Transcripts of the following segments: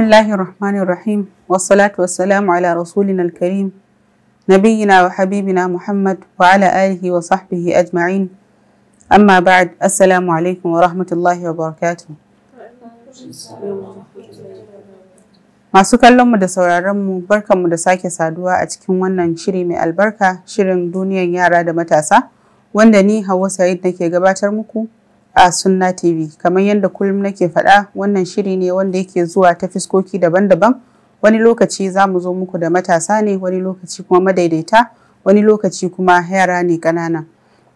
بسم الله الرحمن الرحيم والصلاة والسلام على رسولنا الكريم نبينا وحبيبنا محمد وعلى آله وصحبه أجمعين أما بعد السلام عليكم ورحمة الله وبركاته masu kallonmu da sauraronmu barkanmu da sake saduwa a cikin wannan shiri mai albarka shirin duniyan yara da matasa wanda ni hawa sa'id nake gabatar muku a Sunna TV. Kamar yadda kullum nake faɗa wannan shiri ne wanda yake zuwa ta fiskoki daban-daban. Wani lokaci za mu zo muku da matasa ne, wani lokaci kuma madaidaita, wani lokaci kuma yara ne ƙanana.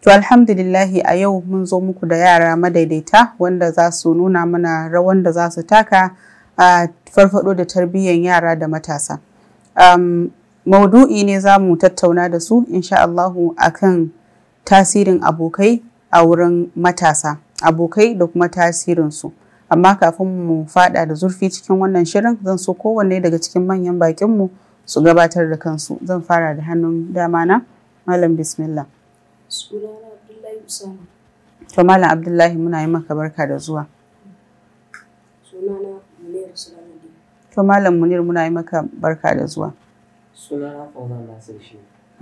To alhamdulillahi a yau mun zo muku da yara madaidaita wanda za su nuna mana rawan da za su taka a farfado da tarbiyyar yara da matasa. Um, maudu'i ne za mu tattauna da su insha Allahu akan tasirin abokai a wurin matasa abokai da kuma tasirinsu amma kafin mu fada da zurfi cikin wannan shirin zan so kowanne daga cikin manyan bakinmu su gabatar da kansu zan fara da hannun dama na malam bismillah to malam abdullahi muna yi maka barka da zuwa to malam munir muna yi maka barka da zuwa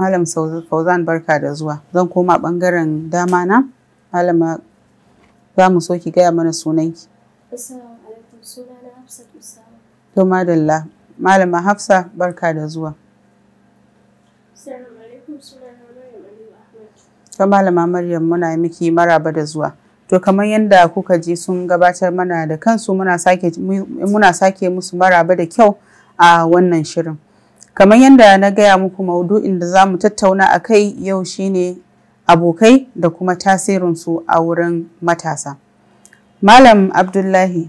malam fauzan barka da zuwa zan koma bangaren dama na Malama za mu so ki gaya mana sunanki. To madalla Malama Hafsa barka da zuwa. To Malama Maryam muna miki maraba da zuwa. To kamar yadda kuka ji sun gabatar mana da kansu muna sake muna sake musu maraba da kyau a wannan shirin. Kamar yadda na gaya muku maudu'in da za mu tattauna a kai yau shine abokai da kuma tasirinsu a wurin matasa. Malam Abdullahi,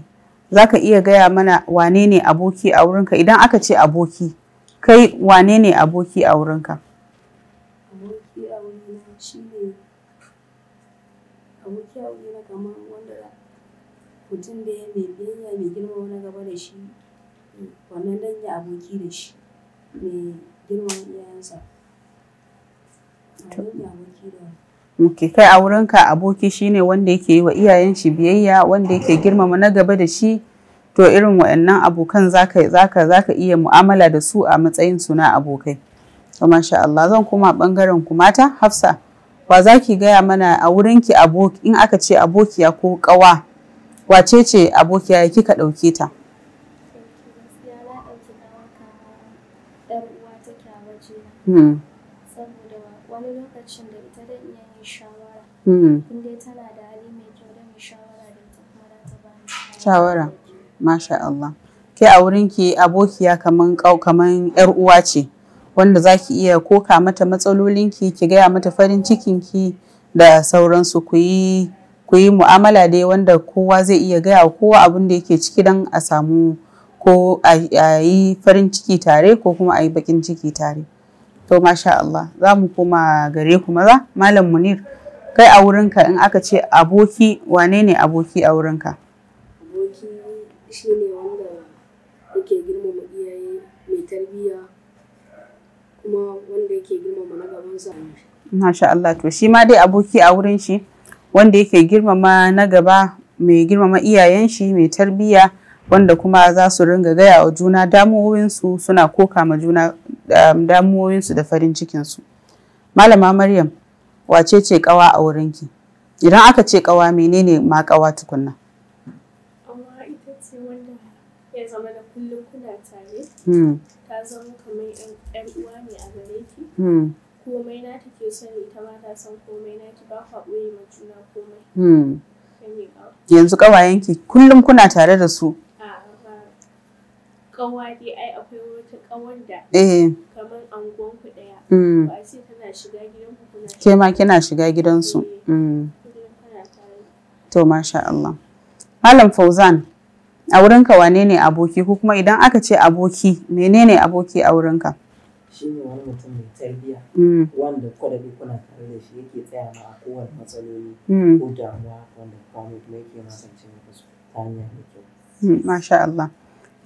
za ka iya gaya mana wane ne aboki a wurinka idan aka ce aboki, kai wane ne aboki a wurinka? Aboki a wurina shi ne, aboki a kamar wanda mutum da ya mai biyayya mai girma wani gaba da shi, wannan dan ya aboki da shi, mai wani iyayensa. Okay. kai a wurinka aboki shine wanda yake yi wa iyayen shi biyayya wanda yake girmama na gaba da shi to irin wa'annan abokan zaka zaka zaka iya mu'amala da su a matsayin su na abokai to masha Allah zan koma bangaren ku mata Hafsa wa zaki gaya mana a wurinki aboki in aka ce abokiya ko kawa wace ce abokiya kika ɗauke ta Hmm. wani lokacin da ita da iya yin shawara in tana da hali mai shawara da kuma za ta bani shawara masha Allah ke a wurin ki abokiya kaman kau kaman yar uwa ce wanda za ki iya koka mata matsalolinki ki gaya mata farin cikinki da sauransu ku yi ku yi mu'amala dai wanda kowa zai iya gaya kowa abin da yake ciki dan a samu ko a yi farin ciki tare ko kuma a yi bakin ciki tare to masha Allah za mu koma gare ku maza malam munir kai a wurinka in aka ce aboki wane ne aboki a wurinka aboki ne wanda yake girmama iyaye mai tarbiya kuma wanda yake girmama na gabansa masha Allah to shi ma dai aboki a wurin shi wanda yake girmama na gaba mai girmama iyayen shi mai tarbiyya wanda kuma za su ringa gaya wa juna damuwowinsu suna koka ma juna um, damuwowinsu da farin cikinsu malama maryam wace ce kawa a wurinki idan aka ce kawa menene ma kawa tukunna amma ita ce wanda ya zama da kullum kuna tare hmm. ta zama kamar yan uwa ne a gare ki hmm. komai na ta ke son ita ma ta san komai na ki ba kwa ɓoye ma juna komai hmm. yanzu kawayenki kullum kuna tare da su kawa dai ai akwai wata kawan da eh. kamar angon ku daya ba mm. sai tana shiga gidan ku kuna ke ma kina shiga gidansu eh. mm. to masha Allah Malam Fauzan a wurinka wane ne aboki ko kuma idan aka ce aboki menene aboki a wurinka shi ne wani mutum mai tarbiyya mm. wanda kwada duk kuna tare da shi yake tsaya ma a kowane matsaloli ko damuwa wanda kuma yake magance maka su ta hanyar da kyau masha Allah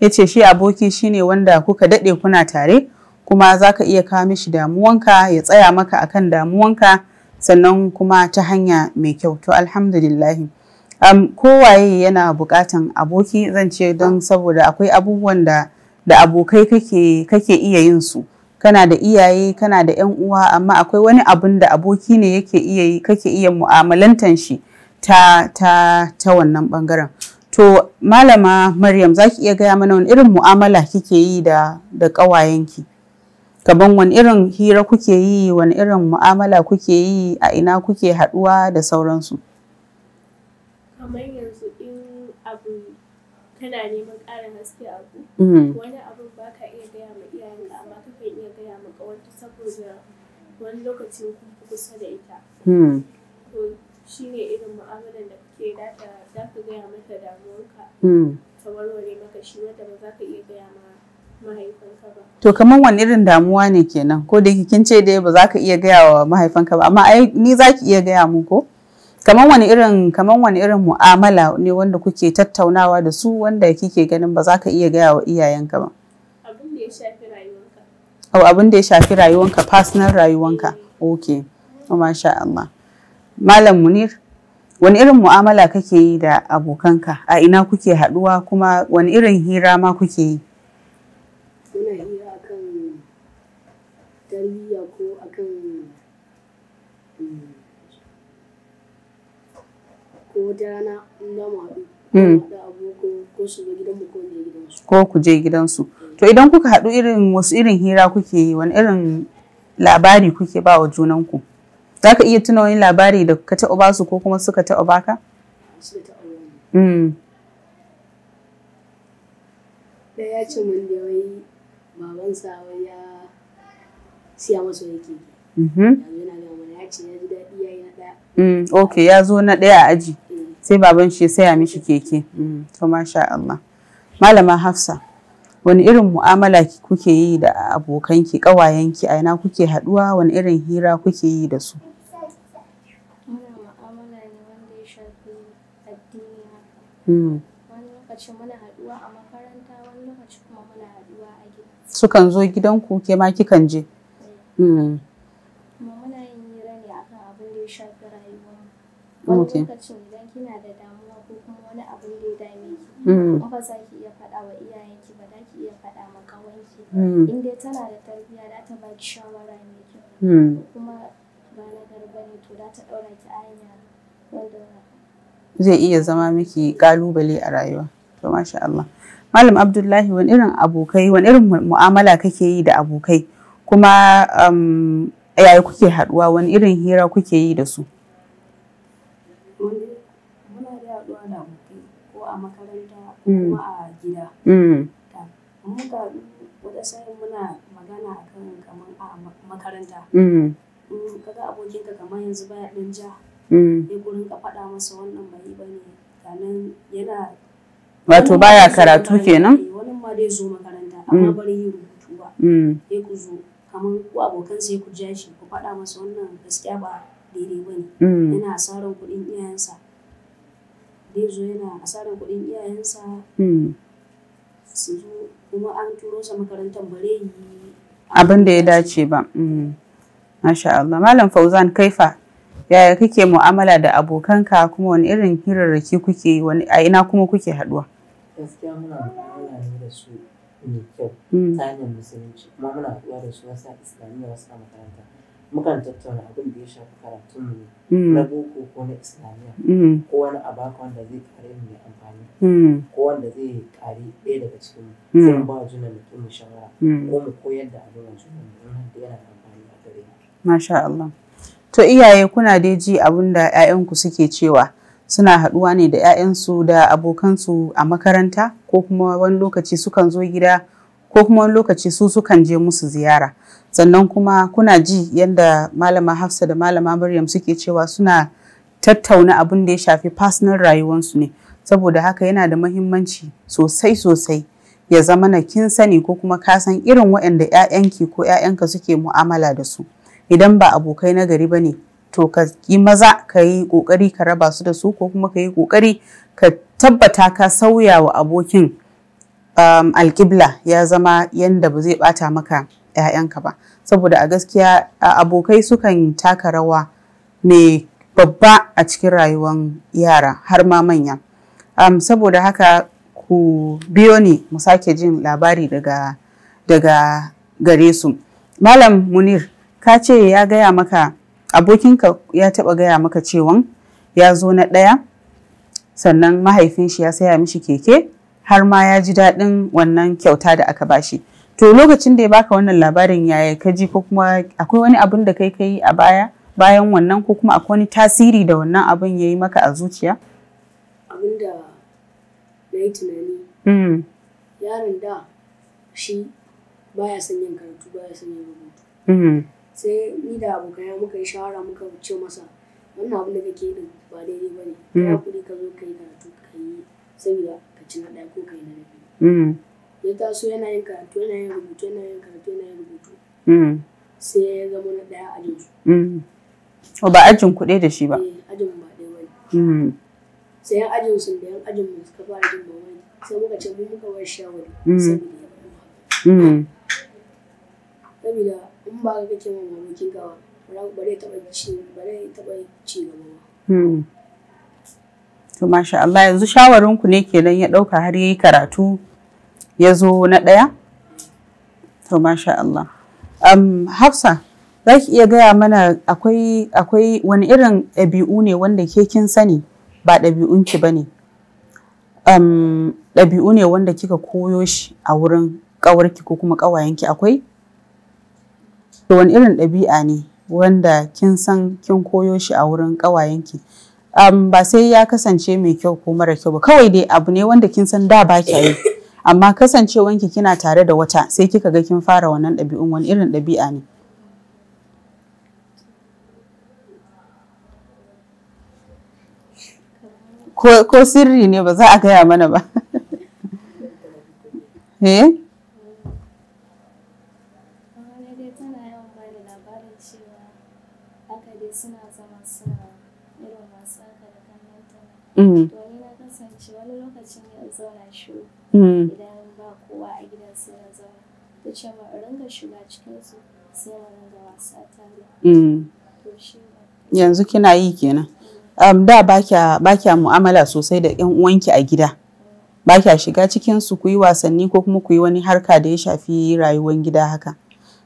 ya ce shi aboki shine wanda kuka daɗe kuna tare kuma za ka iya kawo mishi damuwanka ya tsaya maka akan damuwanka sannan kuma ta hanya mai kyau to alhamdulillahi um, kowaye yana buƙatan aboki zan ce don saboda akwai abubuwan da da abokai kake iya yin su kana da iyaye kana da yan uwa amma akwai wani abun da aboki ne yake iya kake iya mu'amalantan shi ta ta ta wannan bangaren To malama Maryam za ki iya gaya mana wani irin mu'amala kike yi da da ƙawayenki? Kaban wani irin hira kuke yi, wani irin mu'amala kuke yi, a ina kuke haɗuwa da sauransu. Kamar yanzu in abu kana neman ƙarin haske abu, mm-hmm. wani abu ba ka iya gaya ma iyayenka amma kakan iya gaya ma ƙawarta saboda wani lokacin kun kusa da ita. Hmm. To shi ne irin mu'amalar da ce za ka gaya mata damuwarka hmm. ta warware maka shi wanda ba za ka iya gaya ma mahaifanka ba. To kamar wani irin damuwa ne kenan ko da kin ce dai ba za ka iya gaya wa mahaifanka ba amma ai ni za ki iya gaya mun ko? Kamar wani irin kamar wani irin mu'amala ne wanda kuke tattaunawa da su wanda kike ganin ba za ka iya gaya wa iyayenka ba. Abin da ya shafi rayuwanka. Oh, abin da ya shafi rayuwanka personal rayuwanka. Eh. Okay. Oh, masha Allah. Malam Munir. wani irin mu'amala kake yi da abokanka a ina kuke haɗuwa kuma wani irin hira ma kuke yi muna hira akan tarbiyya ko akan mm, ko wata rana in za mu haɗu mm. ko gidansu ko ku je gidansu to idan kuka haɗu irin wasu irin hira kuke yi wani irin labari kuke ba wa junanku za ka iya tuna wani labari da ka taɓa basu ko kuma suka taɓa baka? da mm. ya ce da wai babansa ya siya masa mm-hmm. ya ok ya zo na ɗaya a aji eh. sai baban shi ya saya mishi keke mm, to masha Allah malama Hafsa wani irin mu'amala kuke yi da abokanki ƙawayenki a ina kuke haɗuwa wani irin hira kuke yi da su Hmm. wani lokacin muna haɗuwa a makaranta wani lokacin kuma muna haɗuwa a gida sukan zo gidanku ke ma kikan je eh. hmm. kuma muna yin hira ne akan abin da ya shafi rayuwa wani lokacin idan kina da damuwa ko kuma wani abin da ya dame ki in hmm. ba za ki iya faɗa wa iyayenki ba za ki iya faɗa ma kawanki in dai tana da tarbiyya za ta ba ki shawara mai kyau kuma ba na garba ne to za ta ɗaura ki a hanya wanda zai iya zama miki kalubale a rayuwa to masha Allah malam abdullahi wani irin abokai wani irin mu'amala kake yi da abokai kuma um, yaya kuke haduwa wani irin hira kuke yi da su muna da haduwa da ko a makaranta ko mm. a gida mm. muka wata muna magana akan kamar a makaranta mm. kaga abokinka kamar yanzu baya ɗan ja ya mm. gurin wato baya karatu kenan wani ma dai zo ya mm. mm. ku zo ku abokan shi ku faɗa masa wannan gaskiya ba daidai ba yana asarar yana asarar kuɗin iyayensa su kuma an turo makarantar bare abin da ya dace ba masha Allah malam Fauzan kaifa yaya kake mu'amala da abokanka kuma wani irin hirarraki kuke yi wani a ina kuma kuke haduwa gaskiya muna mu'amala ne da su mai kyau hmm. ta hanyar musulunci kuma muna haduwa da su wasu islamiyya wasu a makaranta mukan tattauna abin da ya shafi karatun mu hmm. na boko ko na islamiyya hmm. ko wani abaka wanda zai kare mu mai amfani ko wanda zai kare ɗaya daga cikin mu sai mu ba juna kuma shawara ko mu koyar da abin da juna mu da yana amfani a gare mu masha Allah To iyaye kuna dai ji abun da 'ya'yanku suke cewa suna haɗuwa ne da 'ya'yansu da abokansu a makaranta ko kuma wani lokaci sukan zo gida ko kuma wani lokaci su sukan je musu ziyara. Sannan kuma kuna ji yadda malama Hafsa da malama Maryam suke cewa suna tattauna abin da ya shafi personal rayuwarsu ne. Saboda haka yana da mahimmanci sosai sosai ya zama na kin sani ko kuma ka san irin waɗanda 'ya'yanki ko 'ya'yanka suke mu'amala da su. idan ba abokai na gari ba ne to ka yi maza ka yi ƙoƙari ka raba su da su ko kuma ka yi ƙoƙari ka tabbata ka sauya wa abokin um, alƙibla ya zama yanda ba zai ɓata maka 'ya'yanka ba saboda a gaskiya abokai sukan taka rawa mai babba a cikin rayuwar yara har ma manya um, saboda haka ku biyo ne mu sake jin labari daga daga gare su malam munir ka ce ya gaya maka abokinka ya taɓa gaya maka cewan ya zo na ɗaya sannan mahaifin shi ya saya mishi keke har ma ya ji daɗin wannan kyauta da aka bashi to lokacin da ya baka wannan labarin yaya ka ji ko kuma akwai wani abin da kai kai a baya bayan wannan ko kuma akwai wani tasiri da wannan abin ya yi maka a zuciya abin da na yi tunani hmm. yaron da shi baya son yin karatu baya son yin rubutu hmm. sai ni da abokaya muka yi shawara muka ce masa wannan abin da kake yi ba daidai ba ne ya hmm. kuɗi ka zo ka yi karatu ka yi saboda ka ci na ɗaya ko ka yi na rabi hmm. ya taso yana yin karatu yana yin rubutu yana yin karatu yana yin rubutu hmm. sai ya zama na ɗaya a jinsu ko ba ajin kuɗi da shi ba eh, ajin ba ɗaya ba sai yan ajin sun da yan ajin mu suka fara jin wani sai muka ce mu muka wayar shawari saboda saboda in ba ka ba zai taɓa ci ba zai taɓa ci gaba ba. Hmm. To masha Allah yanzu shawarinku ne kenan ya ɗauka har yayi karatu ya zo na ɗaya? To masha Allah. Um, Hafsa, za ki iya gaya mana akwai akwai wani irin ɗabi'u ne wanda ke kin sani ba ɗabi'unki ba ne? Um, ɗabi'u ne wanda kika koyo shi a wurin ƙawarki ko kuma ƙawayenki akwai? to wani irin ɗabi'a ne wanda kin san kin koyo shi a wurin ƙawayenki um, ba sai ya kasance mai kyau ko mara kyau ba kawai dai abu ne wanda kin san da ba yi amma kasancewanki kina tare da wata sai kika ga kin fara wannan ɗabi'un wani irin ɗabi'a ne ko sirri ne ba za a gaya mana ba eh? Wani mm. na kasance wani lokacin ya zauna mm. Idan ba kowa a gidan sai zauna. Ta ce ma ringa shiga sai ringa wasa tare. Mm. Yanzu kina yi kenan. Um, da ba kya mu'amala sosai da ƴan uwanki a gida. Ba kya shiga cikinsu ku yi wasanni ko kuma ku yi wani harka da ya shafi rayuwar gida haka.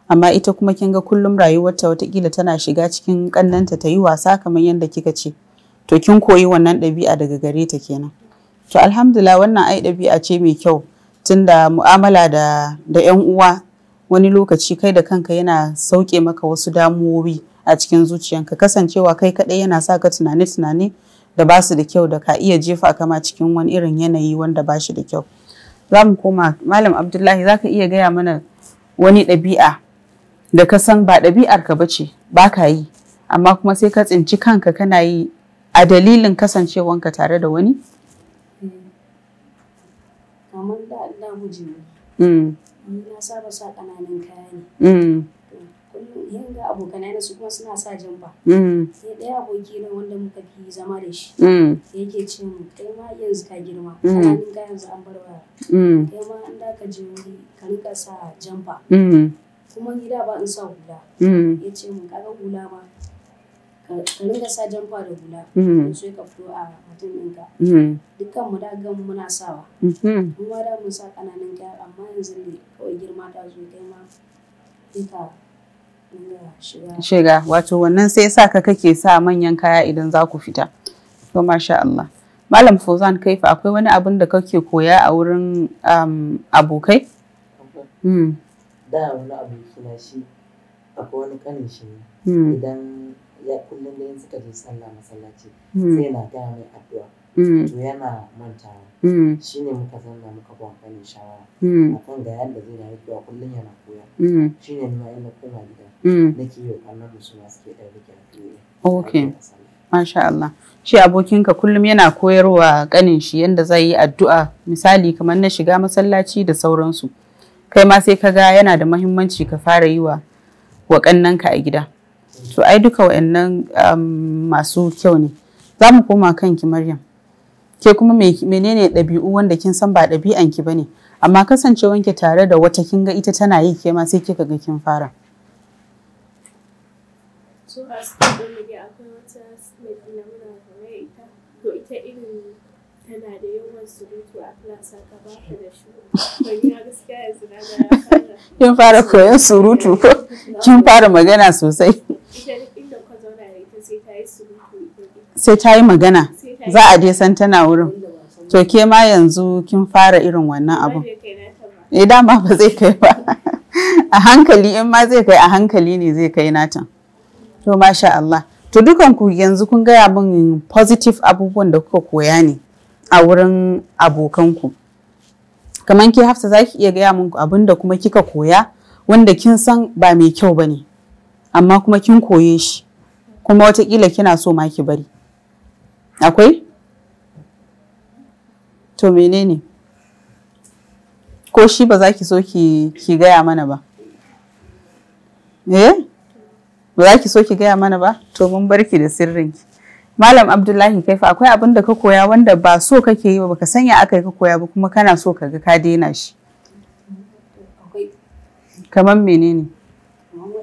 amma ita kuma kin ga kullum rayuwarta watakila tana shiga cikin kannanta ta yi wasa kamar yadda kika ce to kin koyi wannan ɗabi'a daga gare ta kenan to alhamdulillah wannan ai ɗabi'a ce mai kyau tunda mu'amala da da yan uwa wani lokaci kai da kanka yana sauke maka wasu damuwoyi a cikin zuciyanka kasancewa kai kaɗai yana sa ka tunani tunani da basu da kyau da ka iya jefa kama cikin wani irin yanayi wanda ba shi da kyau za mu koma malam abdullahi za ka iya gaya mana wani ɗabi'a da ka san ba ɗabi'ar ka bace ba ka yi amma kuma sai ka tsinci kanka kana yi a dalilin kasancewanka tare da wani? Eh, kamar da Allah ne. Mm. Na saba sa ƙananan kaya ne. Mm. Kullum yin ga abokanai na su kuma suna sa jamba. Mm. Sai ɗaya aboki na wanda muka fi zama da shi. Yake ce mu kai ma yanzu ka girma. Ƙananan kaya yanzu an bar waya. Kai ma an da ka je wuri ka rika sa jamba. Kuma gida ba in sa hula. Ya ce mu kaga hula ma ka ringa sa jamfa da hula mm-hmm. sai ka fito a mutum ɗinka mm-hmm. dukkan mu da gan muna sawa mm-hmm. Mun ma da mun sa kananan kaya amma yanzu ne kawai girma ta zo kai ma duka shiga wato wannan sai sa ka kake sa manyan kaya idan za ku fita to masha Allah Malam Fauzan Kaifa akwai wani abin da kake koya a wurin um, abokai? Mm. Da wani abu suna shi akwai wani kanin shi mm. idan ya kullum da suka je sallah masallaci hmm. sai yana gaya mai addu'a hmm. to yana mantawa hmm. shi ne muka zanna muka ba wani shawara kan ga yadda zai na addu'a kullum yana koya shi ne ma inda koma gida nake yi wa mu su suke ɗan rike addu'a okay Masha Allah. Shi abokinka kullum yana koyarwa kanin shi yadda zai yi addu'a misali kamar na shiga masallaci da sauransu. Kai ma sai ka ga yana da mahimmanci ka fara yi wa wa a gida. to ai duka wa'annan um, masu kyau ne za mu koma kanki maryam ke kuma menene ɗabi'u wanda kin san ba ɗabi'anki ba ne amma kasancewanki tare da wata kin ga ita tana yi ke ma sai kika ga kin fara a muna ita tana da yawan surutu a da shi gaskiya da kin fara koyon surutu kin fara magana sosai sai ta yi magana za a je san tana wurin to ke ma yanzu kin fara irin wannan abun eh dama ba zai kai ba a hankali in ma zai kai a hankali ne zai kai natan to masha Allah to dukanku yanzu kun gaya min positive abubuwan da kuka koya ne a wurin abokanku kamar ke hafsa za ki iya gaya min abin da kuma kika koya wanda kin san ba mai kyau ba ne amma kuma kin koye shi kuma watakila kina so ma ki bari akwai to menene ko shi ba za ki so ki gaya mana ba eh ba za ki so ki gaya mana ba to mun barki da sirrinki malam abdullahi kaifa akwai abin da ka koya wanda ba so kake yi ba baka sanya aka yi ka koya ba kuma kana so ka ga ka daina shi kamar menene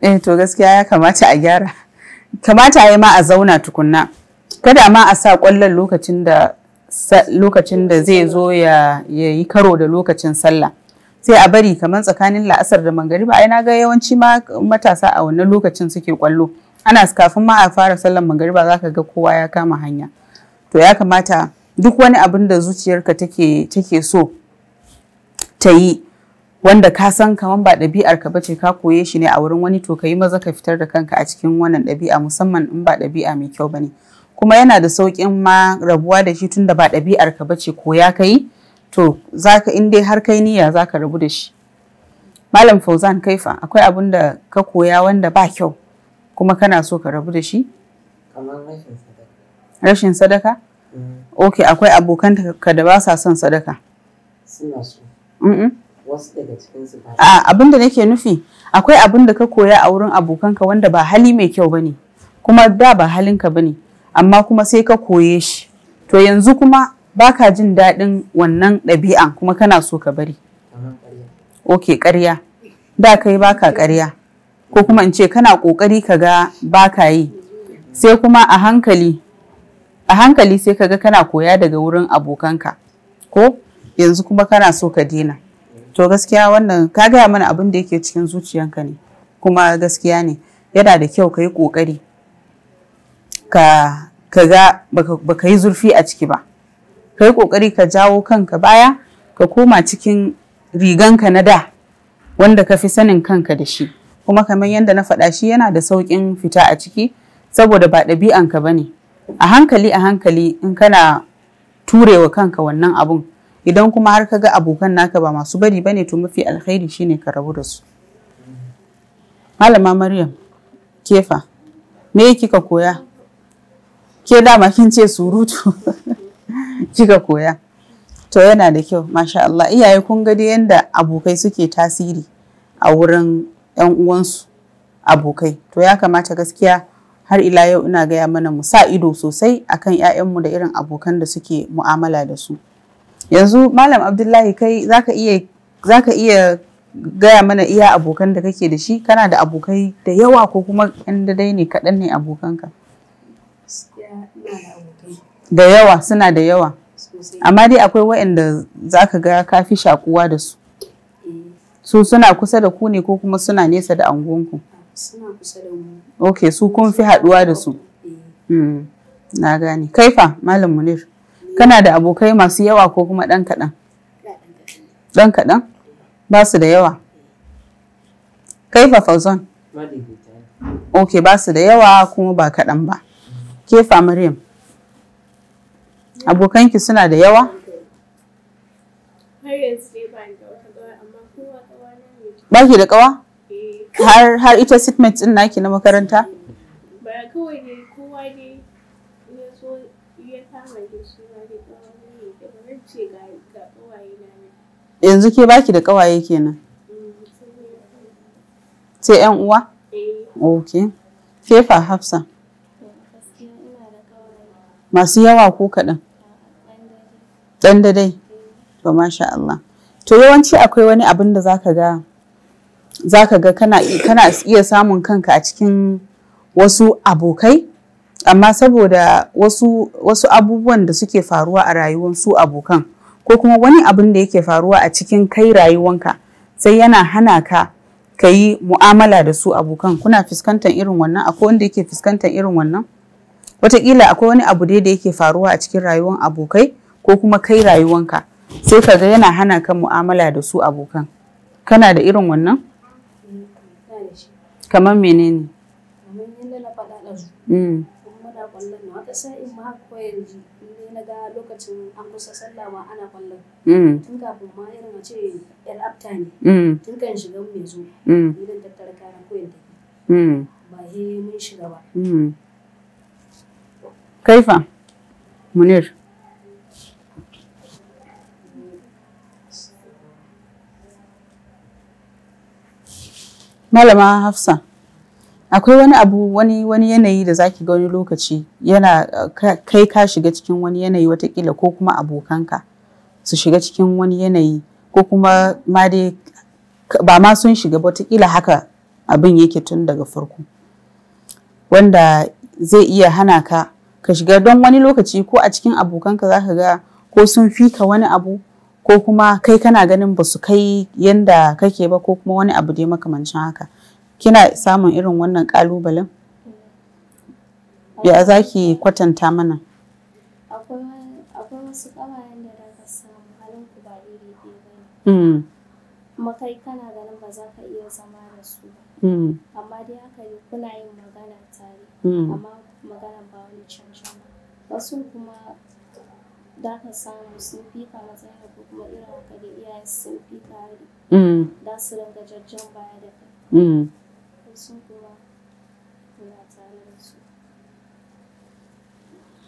eh to gaskiya ya kamata a gyara kamata yi ma a zauna tukunna kada ma a sa kwallon lokacin da lokacin da zai zo ya yi karo da lokacin sallah sai a bari kamar tsakanin la'asar da mangariba ai na ga yawanci ma matasa a wannan lokacin suke kwallo ana kafin ma a fara sallar mangariba zaka ga kowa ya kama hanya to ya kamata duk wani abin da zuciyarka take take so ta yi wanda ka san kaman ba ɗabi'ar ka bace ka koye shi ne a wurin wani to kayi maza ka fitar da kanka a cikin wannan ɗabi'a musamman in ba ɗabi'a mai kyau bane kuma yana da sauƙin ma rabuwa da shi tunda ba ɗabi'ar ka bace koya kai to zaka in dai har kai niyya zaka rabu da shi malam fauzan kaifa akwai abin da ka koya wanda ba kyau kuma kana so ka rabu da shi rashin sadaka mm. ok akwai abokan ka da ba sa son sadaka suna so wasu daga abin da nake nufi akwai abin da ka koya a wurin abokanka wanda ba hali mai kyau bane kuma da ba halinka bane amma kuma sai ka koye shi to yanzu kuma baka jin daɗin wannan ɗabi'an kuma kana so ka bari. Ok ƙarya da kai baka ƙarya ko kuma in ce kana ƙoƙari ka ga baka yi sai kuma a hankali a hankali sai ka ga kana koya daga wurin abokanka ko yanzu kuma kana so ka dina. to gaskiya wannan ka gaya mana abin da yake cikin zuciyanka ne kuma gaskiya ne yana da kyau ka yi ƙoƙari ka ga baka yi zurfi a ciki ba ka yi ƙoƙari ka jawo kanka baya ka koma cikin riganka na da wanda ka fi sanin kanka da shi kuma kamar yadda na faɗa shi yana da sauƙin fita a ciki saboda ba ɗabi'anka ba ne a hankali a hankali in kana turewa kanka wannan abun idan kuma har ka ga abokan naka ba masu bari bane to mafi alkhairi shine ka rabu da su malama maryam kefa me kika koya ke dama kin ce surutu kika koya to yana da kyau masha Allah iyaye kun ga yanda abokai suke tasiri a wurin yan uwansu abokai to ya kamata gaskiya har ila yau ina gaya mana mu sa ido sosai akan 'ya'yanmu da irin abokan da suke mu'amala da su yanzu malam abdullahi kai zaka iya zaka iya gaya mana iya abokan da kake da shi kana da abokai da yawa ko kuma yan da dai ne kaɗan ne abokanka da yawa suna da yawa amma dai akwai waɗanda za ka ga ka fi shakuwa da su eh. su suna kusa da ku ne ko kuma suna nesa da angonku ok su kun fi haɗuwa da su eh. hmm, na gane kaifa malam munir Kana da abokai masu yawa ko kuma ɗan kaɗan? Ɗan kaɗan? Ba su da yawa. Kai fa Fauzan? Ok, ba su da yawa kuma ba kaɗan ba. Ke fa Maryam? Abokanki suna da yawa? Ba ki da ƙawa? Eh. Har ita sitmet ɗin naki na makaranta? Ba kawai ne yanzu ke baki da kawaye kenan sai yan uwa ok fefa hafsa masu yawa ko kaɗan ɗan da dai to masha Allah to yawanci akwai wani abin da zaka ga zaka ga kana iya samun kanka a cikin wasu abokai amma saboda wasu wasu abubuwan da suke faruwa a rayuwar su abokan ko kuma wani abin da yake faruwa a cikin kai rayuwanka sai yana hana ka ka yi mu'amala da su abokan kuna fuskantar irin wannan akwai wanda yake fuskantar irin wannan wataƙila akwai wani abu dai da yake faruwa a cikin rayuwar abokai ko kuma kai rayuwanka sai ka ga yana hana ka mu'amala da su abokan kana da irin wannan kamar menene yanzu ga lokacin an kusa ana kwallon mm. tun kafin ma yar afta ne mm. kan mm. shiga mai zo kaifa munir malama hafsa akwai wani abu wani wani yanayi da zaki ga wani lokaci yana kai ka shiga cikin wani yanayi watakila ko kuma abokanka su shiga cikin wani yanayi ko kuma ma dai ba ma sun shiga watakila haka abin yake tun daga farko wanda zai iya hana ka ka shiga don wani lokaci ko a cikin abokanka za ka ga ko sun fika wani abu ko kuma kai kana ganin ba su kai yanda kake ba ko kuma wani abu dai makamancin haka kina samun irin wannan kalubalen ya za ki kwatanta mana akwai wasu kawayen da za samu halin ku ba iri ɗaya mm. kuma kai kana ganin ba za ka iya zama da su mm. amma dai haka ne kuna yin magana tare mm. amma magana ba wani canji ba wasu kuma da ka samu sun fika matsayin ko kuma irin haka da iyayen sun fika da su ringa jajjan baya da kai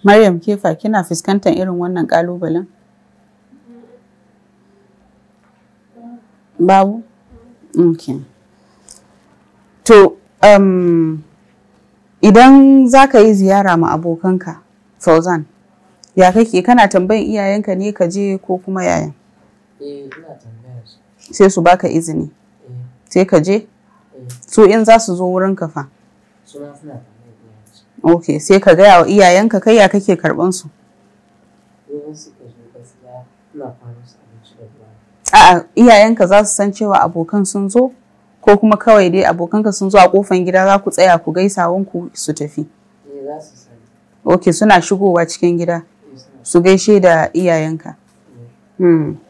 Maryam Kefa kina fuskantar irin wannan ƙalubalen? Babu? Okay. To, um, idan za ka yi ziyara ma abokanka, Fauzan, ya kake kana tambayin iyayenka ne ka je ko kuma yayan? Eh, su. Sai su baka izini. Eh. Sai ka je? so in za su zo wurin ka fa ok sai ka gaya wa iyayenka kai ya kake karban su a'a iyayenka za su san cewa abokan sun zo ko kuma kawai dai abokanka sun zo a kofan gida za ku tsaya ku gaisa wanku su tafi eh, ok suna shigowa cikin gida eh, su gaishe da iyayenka hmm.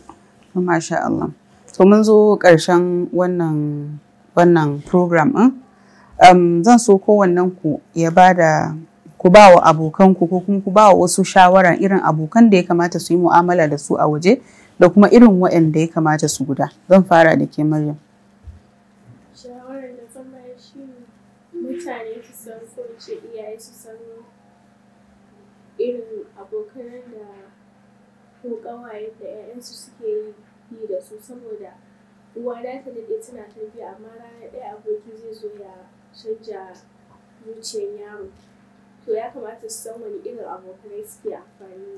Masha Allah. To mun zo ƙarshen wannan wannan program ɗin. Um, zan so kowannen ku ya ba da ku ba wa abokanku ko kuma ku ba wa wasu shawara irin abokan da ya kamata su yi mu'amala da su a waje da kuma irin waɗanda ya kamata su guda. Zan fara da ke Maryam. Shawarar da shi mutane su san ko ce iyaye su san abokan da ko ƙawayen da 'ya'yansu suke yi da su saboda uwa da ta daɗe tana tarbiyya amma rana ɗaya aboki zai zo ya canja zuciyar yaro to ya kamata su san wani irin abokanai suke amfani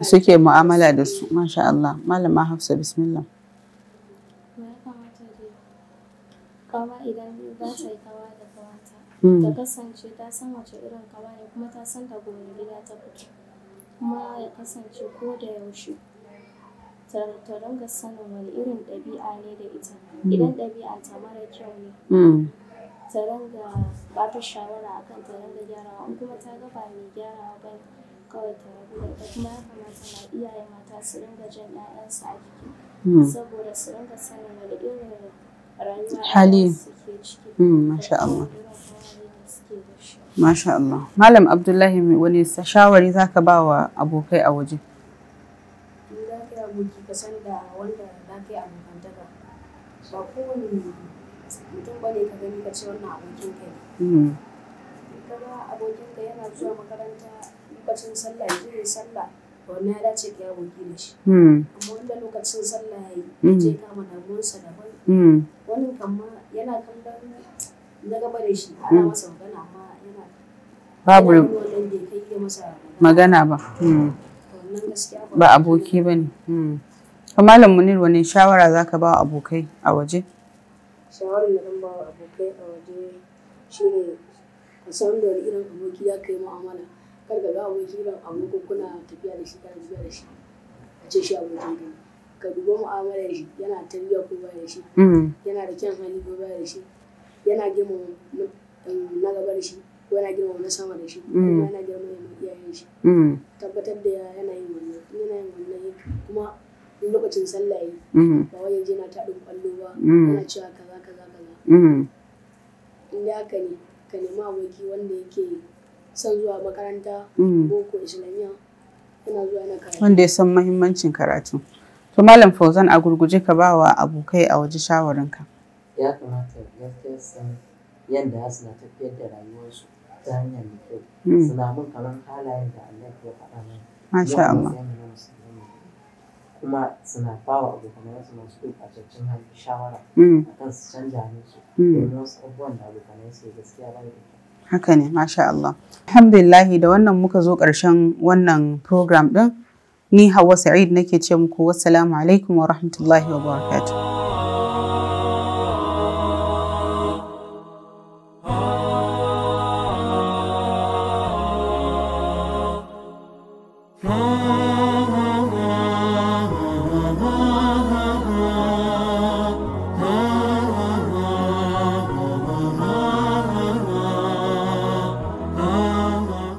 suke mu'amala da su masha Allah malama Hafsa bismillah kawa idan za ta yi kawa da kawata hmm. ta kasance ta san wace irin kawa ne kuma ta san da gobe gida ta fito kuma ya kasance ko da yaushe ta ringa sanin wani irin ɗabi'a ne da ita mm. idan ɗabi'a ta mara kyau ne mm. ta ringa ba ta shawara akan ta ringa gyarawa in kuma ta ga ba mai gyarawa ba kawai ta rabu da ita kuma ya kamata ma iyaye mata su ringa jan ƴaƴansu a jiki mm. saboda su ringa sanin wani irin rayuwa suke ciki masha Allah suke da shi Masha Allah. Malam Abdullahi mai wani shawari za ka ba wa abokai a waje? ka yana zuwa makaranta lokacin sallah ya je sallah ya dace da shi. Hmm. Amma wanda lokacin sallah ya yi je daban. Hmm. Wani kama yana kallon na gaba da shi ana hmm. masa magana amma babu magana hmm. ba ba aboki ba ne hmm. malam munir wani shawara za ka ba abokai a waje shawarar da zan ba abokai a waje shine ka san da wani irin aboki ya kai mu'amala kar ka ga aboki irin abu ko kuna tafiya da shi kana tafiya da shi a ce shi abokin ka ka duba mu'amalar shi yana tarbiyya ko ba da shi hmm. yana da kyan hali ko ba da shi yana girmama mm, na gaba da shi yana girma na sama da shi ko mm. yana girma da iyayen shi mm. tabbatar da yana yin wannan yana yin wannan kuma lokacin sallah yi mm. ba wai yaje na taɗin kwallo ba yana cewa kaza kaza kaza in da haka ne ka nemi aboki wanda yake son zuwa makaranta boko islamiyya yana zuwa yana karatu wanda ya san mahimmancin karatu to malam fauzan a gurguje ka ba wa abokai a waje shawarinka ya kamata ya san yadda za su na tafiyar da rayuwarsu Hmm. da masha Allah kuma haka ne masha Allah Alhamdulillah da wannan muka zo ƙarshen wannan program ɗin ni Hauwa Sa'id nake ce muku wassalamu alaikum wa rahmatullahi wa barakatuh